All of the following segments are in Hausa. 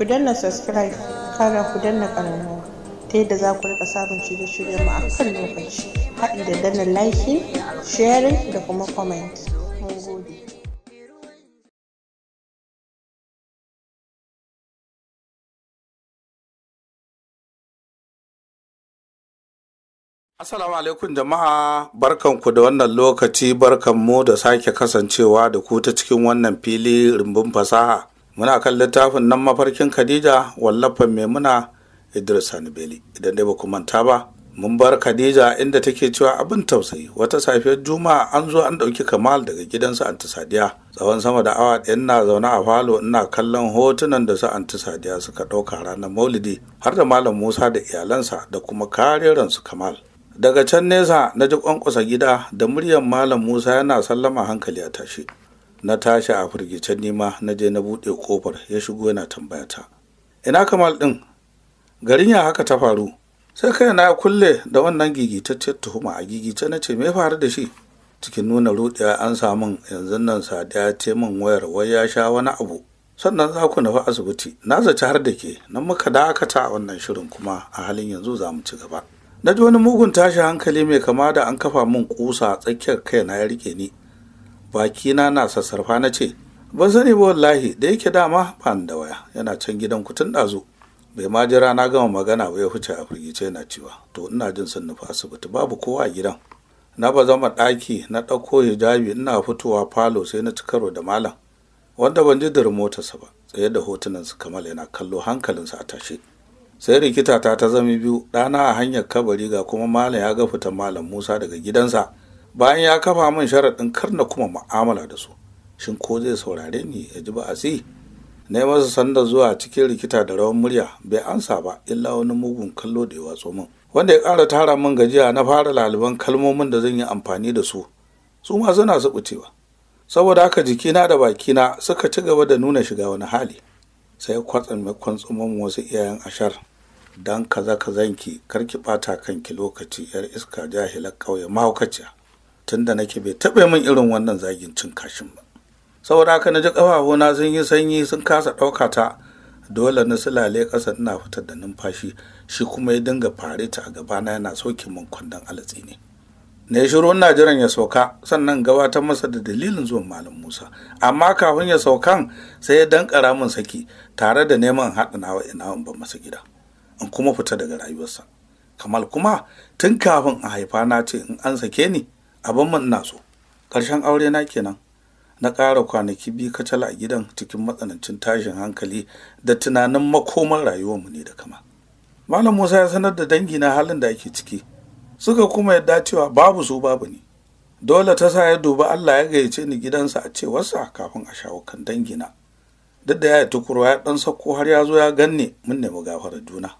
ku danna subscribe kara ku danna ƙararrawa ta yadda za ku rika samun shirye shiryen mu a kan lokaci haɗi da danna like sharing da kuma comment mun gode Assalamu alaikum jama'a barkanku da wannan lokaci mu da sake kasancewa da ku ta cikin wannan fili rumbun fasaha muna kan littafin nan mafarkin khadija wallafan maimuna idris hanbeli idan dai ba ku manta ba mun bar khadija inda take cewa abin tausayi wata safiyar juma'a an zo an ɗauki kamal daga gidansu anti sadiya tsawon sama da awa ɗayan na zaune a falo ina kallon hotunan da su anti sadiya suka ɗauka ranar maulidi har da malam musa da iyalansa da kuma kareransu kamal daga can nesa na ji kwankwasa gida da muryar malam musa yana sallama hankali a tashi na tashi a firgice nima na je na buɗe ƙofar ya shigo yana tambaya ta ina kamal ɗin garin ya haka ta faru sai kai na kulle da wannan gigitaccen tuhuma a gigice na ce me faru da shi cikin nuna ruɗewa an samu yanzu nan sadiya ce min wayar wai ya sha wani abu sannan za ku nufi asibiti na zaci har da ke nan muka dakata a wannan shirin kuma a halin yanzu za mu ci gaba na ji wani mugun tashi hankali mai kama da an kafa min kusa tsakiyar kai na ya rike ni bakina na sassarfa na ce ban sani ba wallahi da yake dama ba da waya yana can gidan kutun ɗazu bai ma jira na gama magana ba ya huce a firgice yana cewa to ina jin sun nufi asibiti babu kowa a gidan na ba zama ɗaki na ɗauko hijabi ina fitowa falo sai na ci da malam wanda ban ji da motarsa ba tsaye da hotunan su kamal yana kallo hankalinsa a tashe sai rikita ta ta zama biyu ɗana a hanyar kabari ga kuma malam ya ga fitan malam musa daga gidansa bayan ya kafa min sharaɗin kar na kuma mu'amala da su shin ko zai saurare ni ya ji ba'asi na yi masa sanda zuwa cikin rikita da rawan murya bai ansa ba illa wani mugun kallo da ya watso min wanda ya ƙara tara min gajiya na fara laliban kalmomin da zan yi amfani da su su ma suna suɓucewa saboda haka jikina da bakina suka ci gaba da nuna shiga wani hali sai kwatsan mai kwantsuman wasu iyayen ashar dan kaza kazanki karki ɓata kanki lokaci yar iska jahilar kauye mahaukaciya tun da nake bai taɓa min irin wannan zagin cin kashin ba saboda haka na ji ƙafafuna sun yi sanyi sun kasa ɗauka ta dole na sulale ƙasa ina fitar da numfashi shi kuma ya dinga fare ta a gabana yana sauke min kwandon alatsi ne na yi shiru ina jiran ya sauka sannan gabatar masa da dalilin zuwan malam musa amma kafin ya saukan sai ya dankara min saki tare da neman haɗa nawa ina in ba masa gida in kuma fita daga rayuwarsa kamal kuma tun kafin a haifa na ce in an sake ni abin mun ina so ƙarshen aure na kenan na ƙara kwanaki biyu kacal a gidan cikin matsanancin tashin hankali da tunanin rayuwar rayuwarmu ne da kama malam musa ya sanar da dangi na halin da ake ciki suka kuma yadda cewa babu su babu ni dole ta sa ya duba allah ya gayyace ni gidansa a cewarsa kafin a shawo kan dangina duk da ya yi tukuro ya ɗan sako har ya zo ya ganne, mun nemi gafarar juna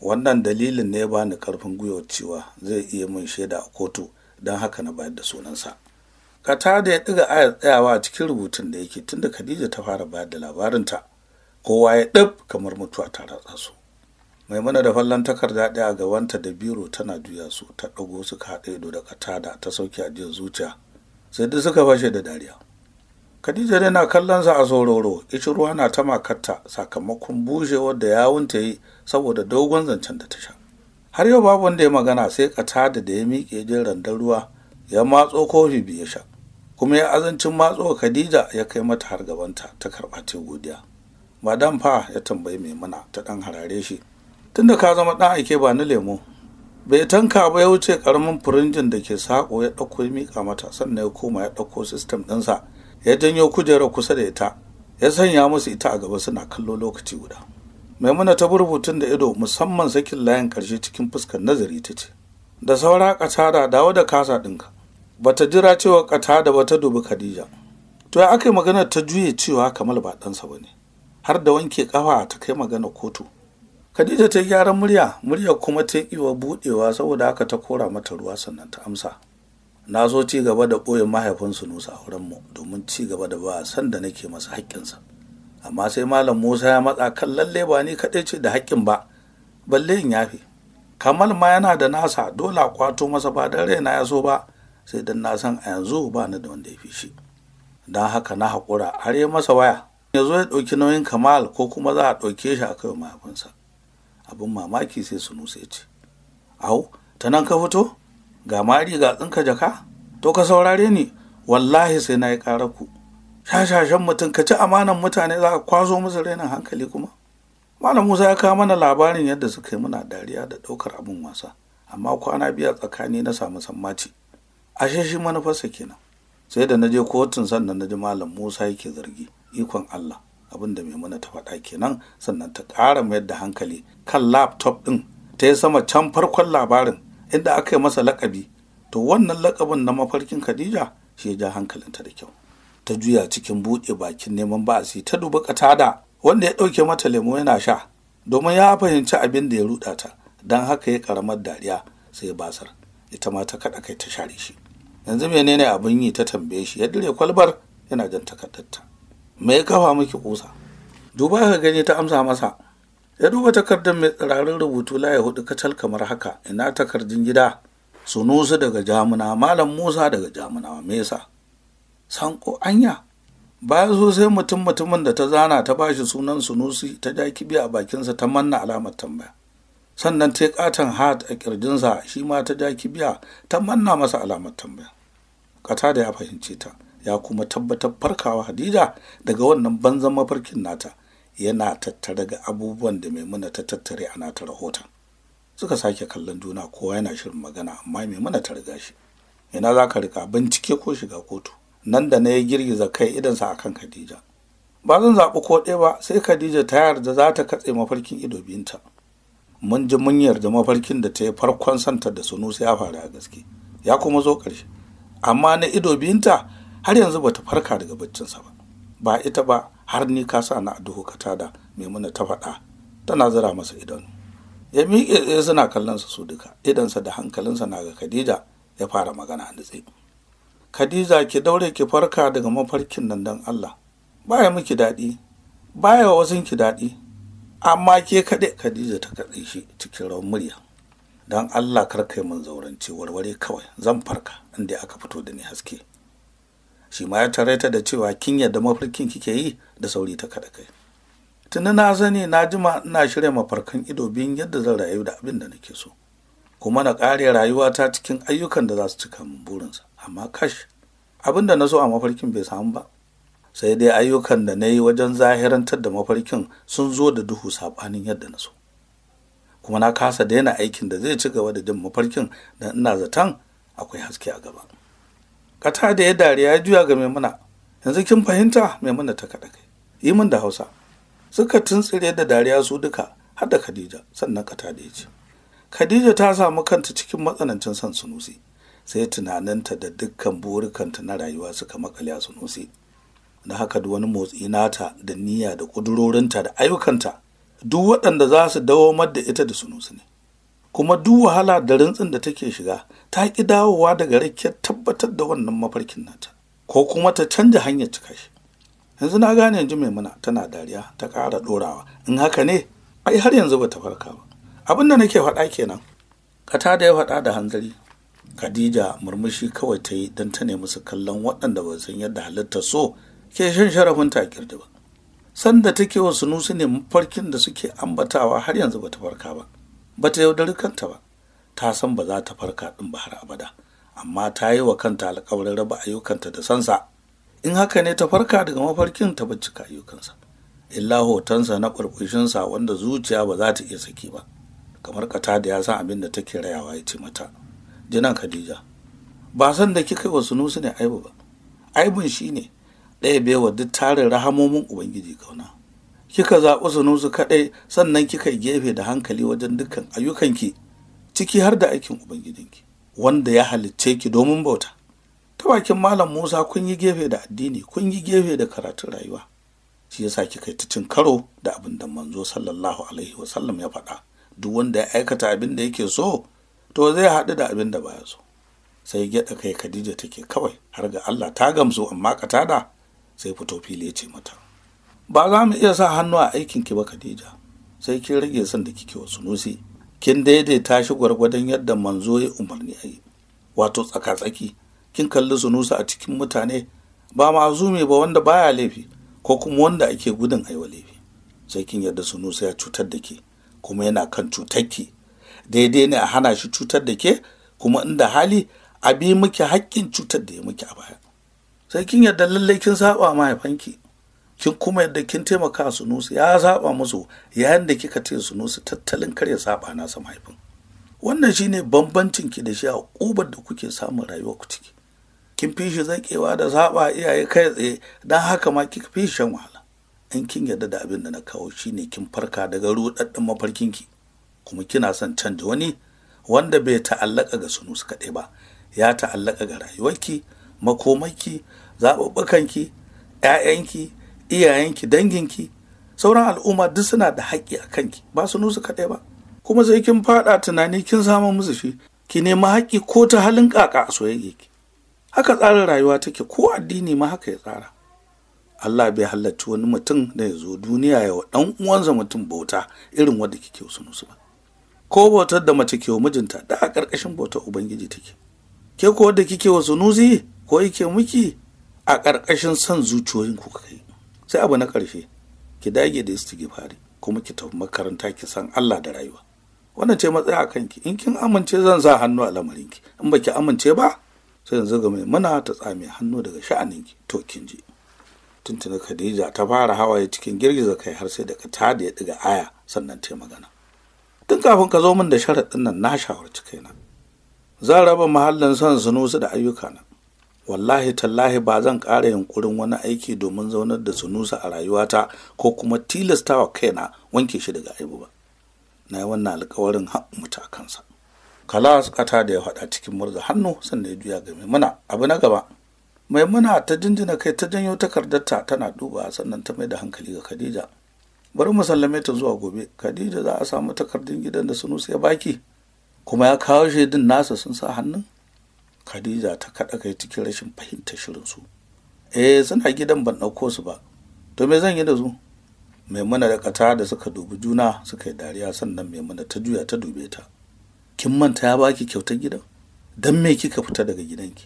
wannan dalilin ne ya bani karfin gwiwa cewa zai iya min shaida a kotu don haka na bayar da sunansa kata da ya ɗiga ayar tsayawa a cikin rubutun da yake tun da khadija ta fara bayar da labarinta kowa ya ɗab kamar mutuwa ta ratsa su maimuna da fallon takarda ɗaya ga wanta da biro tana juya su ta ɗago suka haɗa ido da katada ta sauke ajiyar zuciya sai duk suka fashe da dariya khadija dai na kallon sa a sororo ishi ruwa na ta makarta sakamakon bushewar da yawunta yi saboda dogon zancen da ta sha har yau babu wanda ya magana sai katada da ya miƙe jin randar ruwa ya matso kofi biyu sha kuma ya azancin matso khadija ya kai mata har gabanta ta karɓa ta godiya madam fa ya tambayi mai mana ta ɗan harare shi tunda ka zama ɗan aike ba na lemo bai tanka ba ya wuce karamin firinjin da ke sako ya ɗauko ya miƙa mata sannan ya koma ya ɗauko sistem ɗinsa ya janyo kujerar kusa da ita ya sanya musu ita a gaba suna kallo lokaci guda maimuna ta burbutun da ido musamman sakin layin karshe cikin fuskar nazari ta ce da saura katada dawo da kasa ɗinka bata jira cewa katada ba ta dubi khadija to ya aka yi magana ta juye cewa kamal ba ɗansa ba ne har da wanke kafa ta kai magana kotu khadija ta gyaran murya murya kuma ta iwa buɗewa saboda haka ta kora mata ruwa sannan ta amsa na zo ci gaba da ɓoye mahaifinsu nusa aurenmu domin ci gaba da ba san da nake masa haƙƙinsa amma sai malam musa ya matsa kan lalle ba ni kaɗai ce da haƙƙin ba balle in fi kamal ma yana da nasa dole a kwato masa ba don raina ya so ba sai dan na san a yanzu ba ni da wanda ya fi shi don haka na hakura har ya masa waya ya zo ya ɗauki nauyin kamal ko kuma za a ɗauke shi a kai mahaifinsa abin mamaki sai su nusa ce au ta nan ka fito ga mari ga tsinka jaka to ka saurare ni wallahi sai na yi ku shashashen mutum ka ci amanan mutane za a kwazo musu renin hankali kuma malam musa ya kawo mana labarin yadda suka yi muna dariya da ɗaukar abin wasa amma kwana biya tsakani na samu sammaci ashe shi manufarsa kenan sai da na je kotun sannan na ji malam musa yake zargi ikon allah abin da maimuna ta faɗa kenan sannan ta ƙara mayar da hankali kan laptop ɗin ta yi sama can farkon labarin inda aka yi masa lakabi to wannan lakabin na mafarkin khadija shi ya ja hankalinta da kyau ta juya cikin buɗe bakin neman ba'asi ta duba katada wanda ya ɗauke mata lemo yana sha domin ya fahimci abin da ya ruɗa ta don haka ya karamar dariya sai basar ita ma ta kaɗa kai ta share shi yanzu menene abin yi ta tambaye shi ya dire kwalbar yana jan takardarta me ya kafa miki kusa duba ka gani ta amsa masa ya duba takardar mai tsirarin rubutu laye hudu kacal kamar haka ina takardun gida sunusu daga jamuna malam musa daga jamuna. Mesa. sanko anya bayan so sai mutum mutumin da ta zana ta bashi sunan sunusi ta ja kibi a bakinsa ta manna alamar tambaya sannan ta katon hat a kirjinsa shi ma ta ja kibiya ta manna masa alamar tambaya kata da ya fahimce ta ya kuma tabbatar farkawa hadija daga wannan banzan mafarkin nata yana tattare ga abubuwan da maimuna ta tattare a nata rahoton suka sake kallon juna kowa yana shirin magana amma maimuna ta riga shi ina za ka rika bincike ko shiga kotu nan da na ya girgiza kai idansa a kan Khadija. Ba zan zaɓi ko ɗaya ba sai Khadija ta yarda za ta katse mafarkin ido binta. Mun ji mun yarda mafarkin da ta yi farkon santa da sai ya faru a gaske, ya kuma zo ƙarshe. Amma na ido binta har yanzu bata farka daga baccinsa ba. Ba ita ba har ni ka sa na duhu ka tada muna ta faɗa tana zira masa idan. Ya miƙe tsaye suna kallonsa su duka, idansa da hankalinsa na ga Khadija ya fara magana a nutse. Khadija ki daure ki farka daga mafarkin nan dan Allah baya miki daɗi baya wa wasun ki daɗi amma ke kaɗai Khadija ta kaɗe shi cikin rawar murya Don Allah kar kai mun zaurance warware kawai zan farka inda aka fito da ni haske shi ma ya tare ta da cewa kin yadda mafarkin kike yi da sauri ta kaɗa kai tuni na zani na jima ina shirya mafarkan ido biyun yadda zan rayu da abin da nake so kuma na ƙare rayuwata cikin ayyukan da za su cika min burinsa amma kash abin da na so a mafarkin bai samu ba sai dai ayyukan da na yi wajen zahirantar da mafarkin sun zo da duhu saɓanin yadda na so kuma na kasa daina aikin da zai ci gaba da jin mafarkin da ina zaton akwai haske a gaba kata da ya dariya juya ga maimuna yanzu kin fahimta maimuna ta kaɗa kai yi min da hausa suka tuntsire da dariya su duka har da khadija sannan kata da ya ce khadija ta samu kanta cikin matsanancin son sunusi sai tunaninta da dukkan burikanta na rayuwa suka makale a sunusi na haka da wani motsi nata da niyya da ƙudurorinta da ayyukanta duk waɗanda za su dawo da ita da sunusi ne kuma duk wahala da rintsin da take shiga ta ƙi dawowa daga rakiyar tabbatar da wannan mafarkin nata ko kuma ta canja hanyar cika shi yanzu na gane yanzu Muna tana dariya ta ƙara ɗorawa in haka ne ai har yanzu ba ta farka ba abin da nake faɗa kenan ƙata da ya faɗa da hanzari Khadija murmushi kawai ta yi don ta nemi su kallon waɗanda ba san yadda halittar so ke shan sharafin ta takirji ba. Sanda take wasu nusu ne mafarkin da suke ambatawa har yanzu bata farka ba. Bata yaudari kanta ba. Ta san ba za ta farka ɗin ba har abada. Amma ta yi wa kanta alƙawarin raba ayyukanta da sansa. In haka ne ta farka daga mafarkin ta bincika ayyukansa. Illa hotonsa na ƙurƙushinsa wanda zuciya ba za ta iya saki ba. Kamar kata da ya san abin da take rayawa ya ce mata. jinan khadija ba san da kika yi wa sanusi ne aibu ba aibun shi ne ɗaya wa duk tarin rahamomin ubangiji kauna kika zaɓi sanusi kaɗai sannan kika gefe da hankali wajen dukkan ayyukanki ciki har da aikin ubangijinki wanda ya halicce ki domin bauta ta bakin malam musa kun yi gefe da addini kun yi gefe da karatun rayuwa shi yasa kika yi ta cin karo da abin da manzo sallallahu alaihi wasallam ya faɗa duk wanda ya aikata abin da yake so to zai haɗu da abin da baya so sai gyaɗa kai khadija take kawai har ga allah ta gamsu amma katada sai fito fili ya ce mata ba za mu iya sa hannu a aikin ki ba khadija sai kin rage son da kike wasu nusi kin daidaita shi gwargwadon yadda manzo ya umarni a wato tsaka-tsaki kin kalli sunusa a cikin mutane ba me ba wanda baya laifi ko kuma wanda ake gudun aiwa laifi sai kin yarda sunusa ya cutar da ke kuma yana kan cutar ki. daidai ne a hana shi cutar da ke kuma inda hali a bi muke haƙƙin cutar da ya muke a baya sai kin yarda lallai kin saba mahaifanki kin kuma yadda kin taimaka su nusu ya saba musu yayin da kika ce su nusu tattalin karya saɓa nasa mahaifin wannan shine bambancin ki da shi a ƙubar da kuke samun rayuwa ku ciki kin fi shi zaƙewa da saba iyaye kai tsaye don haka ma kika fi shan wahala in kin yarda da abin da na kawo shine kin farka daga ruɗaɗɗen mafarkinki kuma kina son canja wani wanda bai ta'allaka ga sunus kaɗai ba ya ta'allaka ga rayuwarki makomarki zaɓuɓɓukanki 'ya'yanki iyayenki danginki sauran al'umma duk suna da haƙƙi a kanki ba su nusu kaɗai ba kuma sai kin faɗa tunani kin samu musu shi ki nemi haƙƙi ko ta halin ƙaƙa a soyayya ki haka tsarin rayuwa take ko addini ma haka ya tsara Allah bai halarci wani mutum da ya zo duniya ya wa ɗan uwansa mutum bauta irin wanda kike wasu nusu ba ko bautar da mace ke wa mijinta da a ƙarƙashin bautar ubangiji take ke ko da kike wasu nuzi ko yake miki a ƙarƙashin son zuciyoyin ku kai sai abu na ƙarshe ki dage da fari, kuma ki tafi makaranta ki san Allah da rayuwa wannan ce matsaya a kanki in kin amince zan sa hannu a lamarinki in baki amince ba sai yanzu ga mai mana ta tsame hannu daga sha'aninki to kin ji tuntuna Khadija ta fara hawaye cikin girgiza kai har sai daga ta da ya ɗiga aya sannan ta magana tun kafin ka zo min da sharaɗin nan na shawarci kaina zan raba mahallin son sunusu da ayyukana wallahi tallahi ba zan ƙara yunkurin wani aiki domin zaunar da sunusu a rayuwata ko kuma tilasta tilastawa kaina wanke shi daga aibu ba na yi wannan alkawarin mutu a kansa kala ƙata da ya faɗa cikin murza hannu sannan ya juya ga maimuna abu na gaba maimuna ta jinjina kai ta janyo takardarta tana duba sannan ta mai da hankali ga khadija bari mu sallame ta zuwa gobe khadija za a samu takardun gidan da sunu ya baki kuma ya kawo shaidun nasa sun sa hannun khadija ta kaɗa kai cikin rashin fahimtar shirin su eh suna gidan ban ɗauko su ba to me zan yi da su maimuna da kata da suka dubi juna suka yi dariya sannan maimuna ta juya ta dube ta kin manta ya baki kyautar gidan dan me kika fita daga gidanki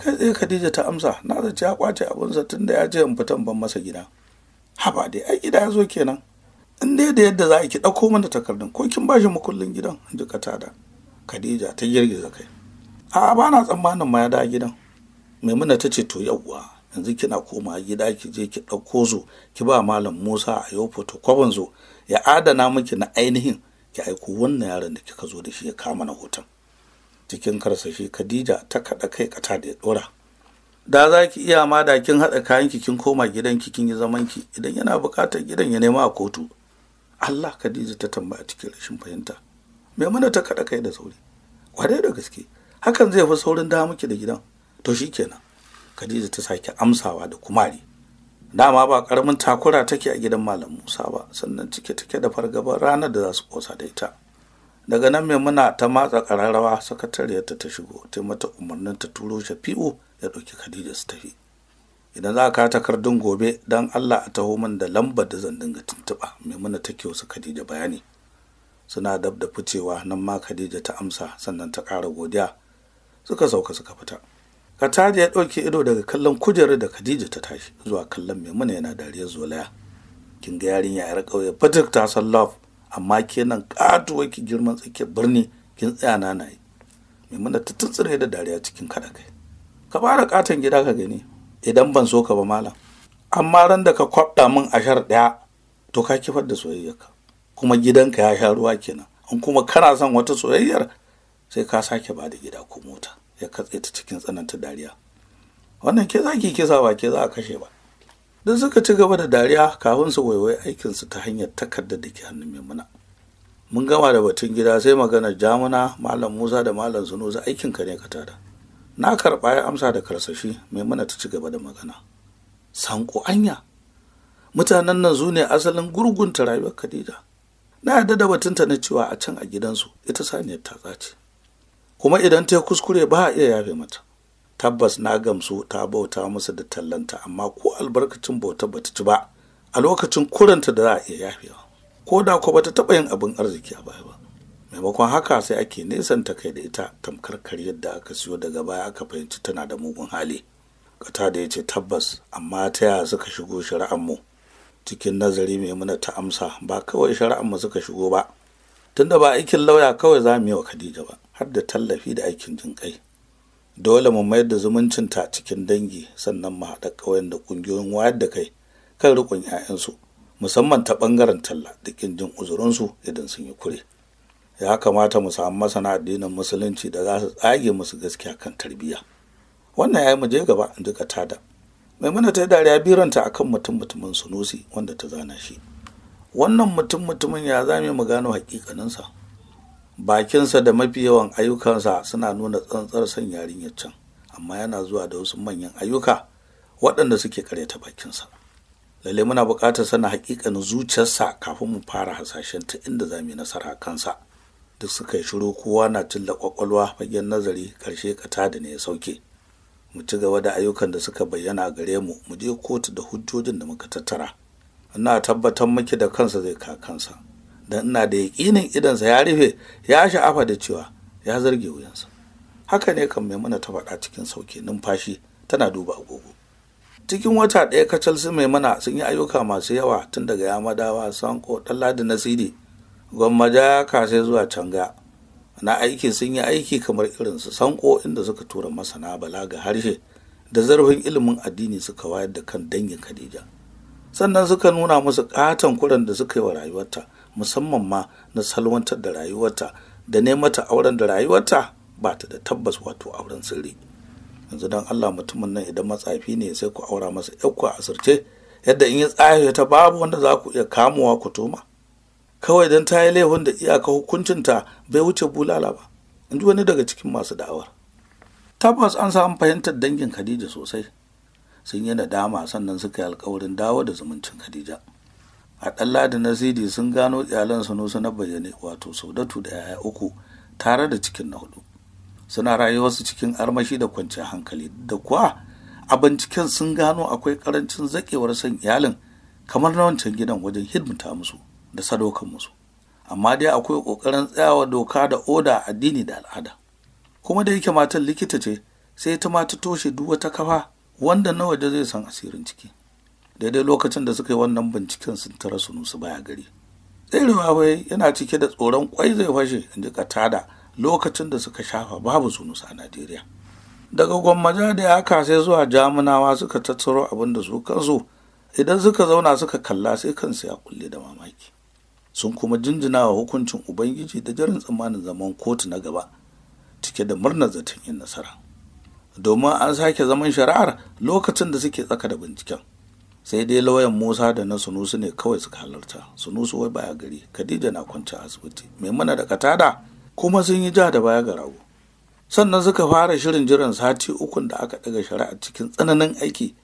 kai tsaye khadija ta amsa na zaci ya kwace abinsa tunda ya je in fitan ban masa gida haba dai ai gida ya zo kenan in dai da yadda za ki ɗauko mana takardun ko kin ba shi makullin gidan ji katada khadija ta girgiza kai a ba na tsammanin ma ya da gidan maimuna ta ce to yauwa yanzu kina koma gida ki je ki ɗauko zo ki ba malam musa a yau fotokwabin zo ya adana miki na ainihin ki aiko wannan yaron da kika zo da shi ya kama na hoton cikin karsashi khadija ta kaɗa kai kata da ya ɗora da za ki iya ma da kin haɗa kayan ki kin koma gidan ki kin yi zaman ki idan yana buƙatar gidan ya nema a kotu Allah Khadija ta tambaya cikin rashin fahimta Maimuna ta kaɗa kai da sauri kwarai da gaske hakan zai fi saurin da miki da gidan to shikenan Khadija ta sake amsawa da kumari dama ba karamin takura take a gidan malam Musa ba sannan cike take da fargabar ranar da za su kosa da ita daga nan maimuna ta matsa kararrawa sakatariyarta ta shigo ta mata umarnin ta turo shafi'u ya ɗauki khadija su tafi idan za ka takardun gobe don allah a taho min da lambar da zan dinga tuntuɓa maimuna ta wasu khadija bayani suna dab da ficewa nan ma khadija ta amsa sannan ta ƙara godiya suka sauka suka fita kataje ya ɗauki ido daga kallon kujerar da khadija ta tashi zuwa kallon maimuna yana dariyar zolaya kin ga yarinya yar ƙauye fatik ta san love amma kenan ƙatuwa ki girman tsakiyar birni kin tsaya na yi maimuna ta tuntsire da dariya cikin kada kai ka fara katon gida ka gani idan ban so ka ba malam amma ran da ka kwabda min ashar ɗaya to ka kifar da soyayyarka kuma gidanka ya sha ruwa kenan in kuma kana son wata soyayyar sai ka sake ba da gida ko mota ya katse ta cikin tsananta dariya wannan ke za ki kisa ba ke za a kashe ba duk suka ci gaba da dariya kafin su waiwai aikinsu ta hanyar takarda da ke hannun maimuna mun gama da batun gida sai maganar jamuna malam musa da malam aikin ka ne ka tada na karɓa ya amsa da karsashi mana ta ci gaba da magana sanko anya mutanen nan zu ne asalin gurgunta rayuwar khadija na yarda da batunta na cewa a can a gidansu ita saniyar ta tsace kuma idan ta yi kuskure ba a iya yafe mata tabbas na gamsu ta bauta musu da tallanta amma ko albarkacin bauta ba ta ci ba a lokacin kuranta da za a iya yafewa ko da ko ta taɓa yin abin arziki a baya ba maimakon haka sai ake nesanta kai da ita tamkar karyar da aka siyo daga baya aka fahimci tana da mugun hali kata da ya ce tabbas amma ta yaya suka shigo shari'anmu cikin nazari maimuna ta amsa ba kawai shari'anmu suka shigo ba tunda ba aikin lauya kawai za mu yi wa khadija ba har da tallafi da aikin jin kai dole mu mayar da zumuncinta cikin dangi sannan mu haɗa ƙauyen da ƙungiyoyin wayar da kai kan riƙon 'ya'yansu musamman ta ɓangaren talla da ƙin jin uzurinsu idan sun yi kure ya kamata mu samu masana addinin musulunci da za su tsage musu gaskiya kan tarbiyya wannan ya yi mu gaba in ji katada maimuna ta yi dariya biranta akan mutum mutumin sunusi wanda ta zana shi wannan mutum mutumin ya zame mu gano hakikaninsa bakinsa da mafi yawan ayyukansa suna nuna tsantsar son yarinyar can amma yana zuwa da wasu manyan ayyuka waɗanda suke karyata bakinsa lalle muna buƙatar sana hakikanin zuciyarsa kafin mu fara hasashen ta inda za mu yi nasara kansa duk suka yi shiru kowa na cilla kwakwalwa fagen nazari karshe kata da ne ya sauke mu ci gaba da ayyukan da suka bayyana gare mu mu je kotu da hujjojin da muka tattara ina tabbatar miki da kansa zai ka kansa dan ina da yaƙinin idansa ya rufe ya sha'afa da cewa ya zarge wuyansa haka ne kan maimuna ta faɗa cikin sauke numfashi tana duba agogo cikin wata ɗaya kacal su maimuna sun yi ayyuka masu yawa tun daga yamadawa sanko na nasiri gwamma Jaka sai zuwa canga na aiki sun yi aiki kamar irin su sanko inda suka tura masana ga harshe da zarfin ilimin addini suka wayar da kan dangin khadija sannan suka nuna musu katon kuran da suka yi wa rayuwarta musamman ma na salwantar da rayuwarta da ne mata auren da rayuwarta ba ta da tabbas wato auren sirri yanzu don allah mutumin nan idan matsafi ne sai ku aura masa yakwa a asirce yadda in ya tsaye ta babu wanda za ku iya kamowa ku toma kawai don ta yi laifin da iyaka hukuncinta bai wuce bulala ba in ji wani daga cikin masu da'awar tabbas an samu fahimtar dangin khadija sosai sun yi nadama sannan suka yi alkawarin dawo da zumuncin khadija a ɗalla ladi na sidi sun gano iyalan sanusu na bayyane wato saudatu da yaya uku tare da cikin na hudu suna rayuwarsu cikin armashi da kwanciyar hankali da kuwa a binciken sun gano akwai karancin zakewar son iyalin kamar na wancan gidan wajen hidimta musu da sadaukan musu amma dai akwai ƙoƙarin tsayawa doka da oda addini da al'ada kuma da yake matan likita ce sai ta ma ta toshe duk wata kafa wanda na waje zai san asirin ciki daidai lokacin da suka yi wannan binciken sun tara nusu baya gari tserewa bai yana cike da tsoron kwai zai fashe in ji katada lokacin da suka shafa babu sunusa a najeriya daga gwammaja da yaka sai zuwa jamunawa suka tattaro abin da su kansu idan suka zauna suka kalla sai kansu ya kulle da mamaki sun kuma jinjina wa hukuncin ubangiji da jiran tsammanin zaman kotu na gaba cike da murnar zaton yin nasara domin an sake zaman shari'ar lokacin da suke tsaka da binciken sai dai lauyan musa da na sunusu ne kawai suka halarta sunusu wai baya gari khadija na kwanci asibiti mai mana da katada kuma sun yi ja da baya ga rago sannan suka fara shirin jiran sati ukun da aka ɗaga shari'a cikin tsananin aiki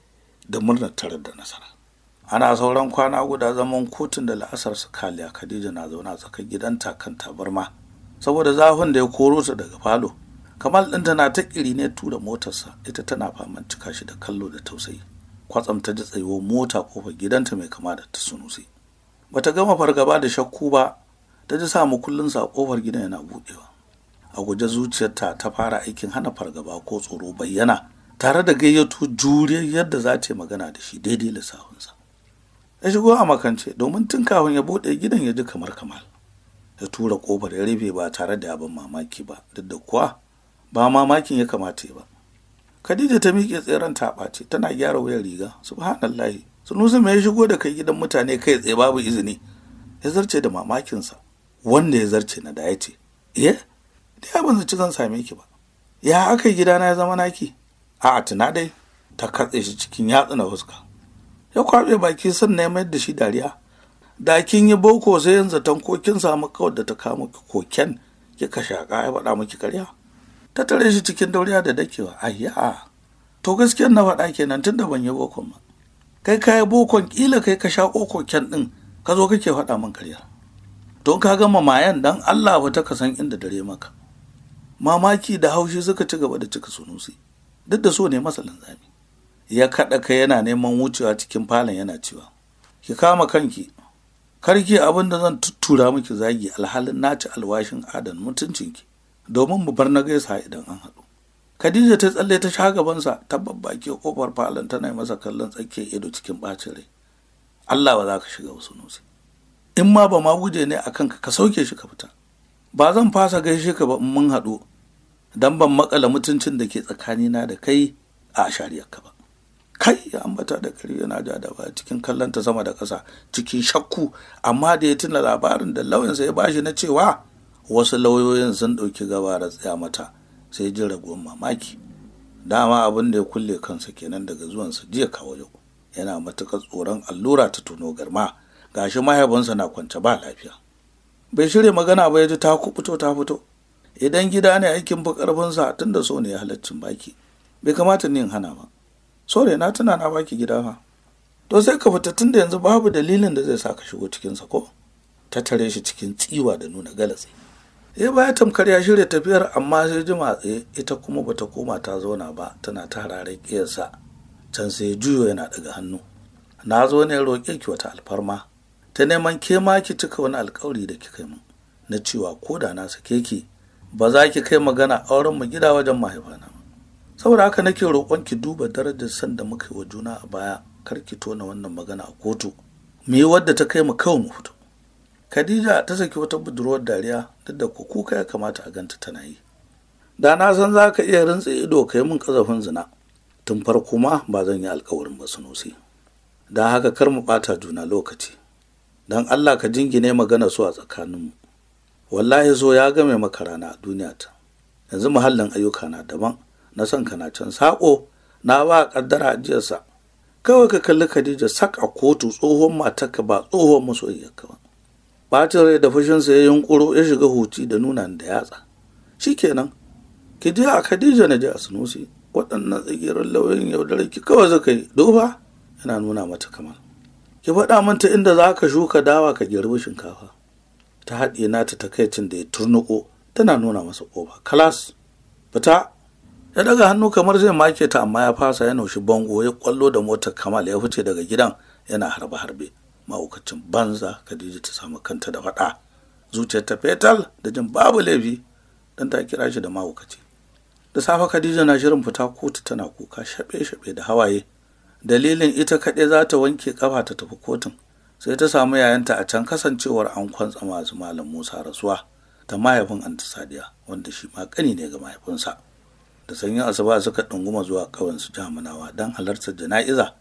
da murnar tarar da nasara ana sauran kwana guda zaman kotun da la'asar su kaliya khadija na zaune a tsakar gidanta kan tabarma saboda zafin da ya koro su daga falo kamal ɗin tana ta ƙiri ne tura motarsa ita tana faman cika shi da kallo da tausayi kwatsam ta ji tsayuwar mota kofar gidanta mai kama da ta sunusi bata gama fargaba da shakku ba ta ji sa mukullin sa kofar gidan yana buɗewa a guje zuciyarta ta fara aikin hana fargaba ko tsoro bayyana tare da gayyato juriyar yadda za ta yi magana da shi daidai lissafinsa ya shigo a makance domin tun kafin ya buɗe gidan ya ji kamar kamal ya tura ƙofar ya rufe ba tare da abin mamaki ba duk da kuwa ba mamakin ya kamata ba khadija ta miƙe tseren taɓace tana gyara wayar riga subhanallahi sunusi mai shigo da kai gidan mutane kai tsaye babu izini ya zarce da mamakinsa wanda ya zarce na da ya ce eh, iye da ya banzu zan same ki ba ya aka gidana ya zama naki a'a tuna dai ta katse shi cikin yatsu na fuska ya kwaɓe baki sannan ya mayar da shi dariya da kin yi boko sai yin zaton ko kin samu kawar da ta kama ki koken kika shaƙa ya faɗa miki karya ta tare shi cikin dauriya da dakewa ayya to gaskiyar na faɗa kenan tunda ban yi bokon ba kai ka bokon kila kai ka shaƙo koken ɗin ka zo kake faɗa min karya to ka gama mayen dan Allah ba ta kasan inda dare maka mamaki da haushi suka ci gaba da cika sunusi duk da so ne masa zami ya kaɗa kai yana neman wucewa cikin falon yana cewa ki kama kanki karki abin da zan tuttura miki zagi alhalin naci alwashin adan mutuncinki domin mu bar na gaisa idan an haɗu khadija ta tsalle ta sha gabansa ta babbake kofar falon tana masa kallon tsakiyar ido cikin ɓacin rai allah ba za ka shiga wasu nutsi in ma ba ma guje ne a kanka ka sauke shi ka fita ba zan fasa gaishe ka ba in mun haɗu don ban makala mutuncin da ke tsakanina da kai a ashariyarka ba kai ya ambata da kari yana ja da baya cikin kallonta sama da ƙasa cikin shakku amma da ya tuna labarin da lauyansa ya bashi na cewa wasu lauyoyin sun ɗauki gaba da tsaya mata sai jin raguwar mamaki dama abin da ya kulle kansa kenan daga zuwansa jiya kawo yau yana matuƙar tsoron allura ta tuno garma gashi mahaifinsa na kwance ba lafiya bai shirya magana ba ya ji ta fito ta fito idan gida ne aikin fi ƙarfinsa tun da so ne ya halaccin baki bai kamata ni in hana ba sore na tuna na baki gida fa to sai ka fita tun da yanzu babu dalilin da zai sa ka shigo sa ko ta tare shi cikin tsiwa da nuna galatsi sai eh, baya tamkar ya shirya tafiyar amma sai jima tsaye ita kuma bata koma ta zauna ba tana ta harare ƙiyarsa can sai juyo yana daga hannu na zo ne roƙe ki wata alfarma ta neman ke ma ki cika wani alkawari da kika min na cewa ko da na sake ki ba za ki kai magana auren mu gida wajen mahaifana saboda haka nake roƙon ki duba darajar san da muka yi wa juna a baya kar ki tona wannan magana a kotu mu wadda ta kai mu kawai mu fito khadija ta saki wata budurwar dariya duk da kuka ya kamata a ganta tana yi da na san za ka iya rintse ido ka mun min kazafin zina tun farko ma ba zan yi alkawarin ba su nosi. da haka kar mu bata juna lokaci dan allah ka jingine magana su a tsakaninmu wallahi so ya game maka rana a duniya ta yanzu muhallin ayyuka na daban na son kana can saƙo na ba ƙaddara ajiyarsa kawai ka kalli Khadija sak a kotu tsohon matarka ba tsohon masoyiyarka ba bacin rai da fushinsa ya yunkuro ya shiga huci da nuna da yatsa shikenan ki je a Khadija na je a Sunusi waɗannan tsagirin lauyoyin yaudare ki kawai zaka yi duba yana nuna mata kamar ki faɗa manta inda za ka shuka dawa ka girbi shinkafa ta haɗe nata takaicin da ya turnuƙo tana nuna masa ƙofa kalas fita ya daga hannu kamar zai make ta amma ya fasa ya naushi bango ya kwallo da motar kamal ya fice daga gidan yana harbe harbe mahaukacin banza khadija ta samu kanta da faɗa zuciyar ta fetal da jin babu laifi dan ta kira shi da mahaukaci da safe khadija na shirin fita kotu tana kuka shaɓe shaɓe da hawaye dalilin ita kaɗai za ta wanke ƙafa ta tafi kotun sai ta samu yayanta a can kasancewar an kwantsa masu malam musa rasuwa ta mahaifin antisadiya wanda shi ma ƙani ne ga mahaifinsa da sanyin asuba suka ɗunguma zuwa ƙauyen su jamunawa don halartar jana'iza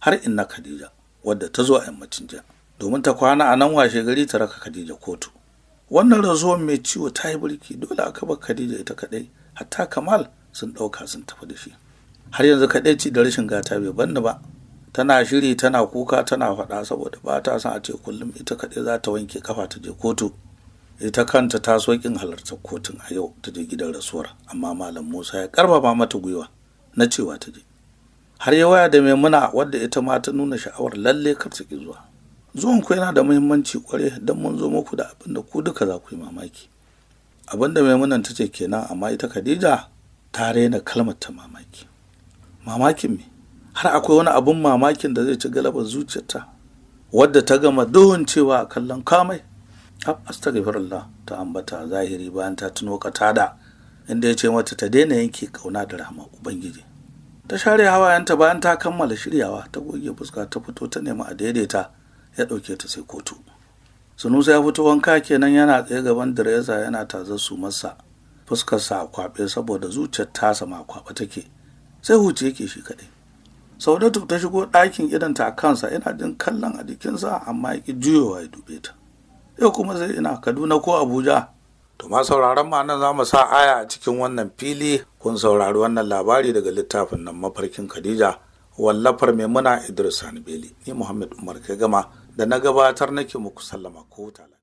har inna khadija wadda ta zo a yammacin jiya domin ta kwana a nan washe gari ta raka khadija kotu wannan razuwan mai ciwo ta yi birki dole aka bar khadija ita kaɗai hatta kamal sun ɗauka sun tafi da shi har yanzu kaɗai ci da rashin gata bai banni ba tana shiri tana kuka tana faɗa saboda ba ta son a ce kullum ita kaɗai za ta wanke kafa ta je kotu ita kanta ta so kin halartar kotun a yau ta je gidan rasuwar amma malam Musa ya karfafa mata gwiwa na cewa ta je har ya waya da Maimuna wadda ita ma ta nuna sha'awar lalle kar ta ki zuwa zuwan ku yana da muhimmanci kware don mun zo muku da abin da ku duka za ku yi mamaki abin da Maimunan ta ce kenan amma ita Khadija ta raina kalmar ta mamaki mamakin me har akwai wani abun mamakin da zai ci galabar zuciyarta wadda ta gama duhun cewa a kallon kamai astaghfirullah ta ambata zahiri bayan ta tuno tada inda ya ce mata ta daina yanke kauna da rahama ubangiji ta share hawayenta bayan ta kammala shiryawa ta goge fuska ta fito ta nema a daidaita ya ɗauke ta sai kotu sunusa ya fito wanka kenan yana tsaye gaban direza yana taza su masa fuskarsa a kwaɓe saboda zuciyar tasa ma kwaɓe take sai huce yake shi kaɗai saudatu ta shigo ɗakin idanta a kansa yana jin kallon a jikinsa amma ya ƙi juyowa ya dube ta yau kuma zai ina kaduna ko abuja to ma sauraron ma nan za mu sa aya a cikin wannan fili kun saurari wannan labari daga littafin nan mafarkin khadija wallafar maimuna idris hanbeli ni muhammad umar kai gama da na gabatar nake muku sallama ko tala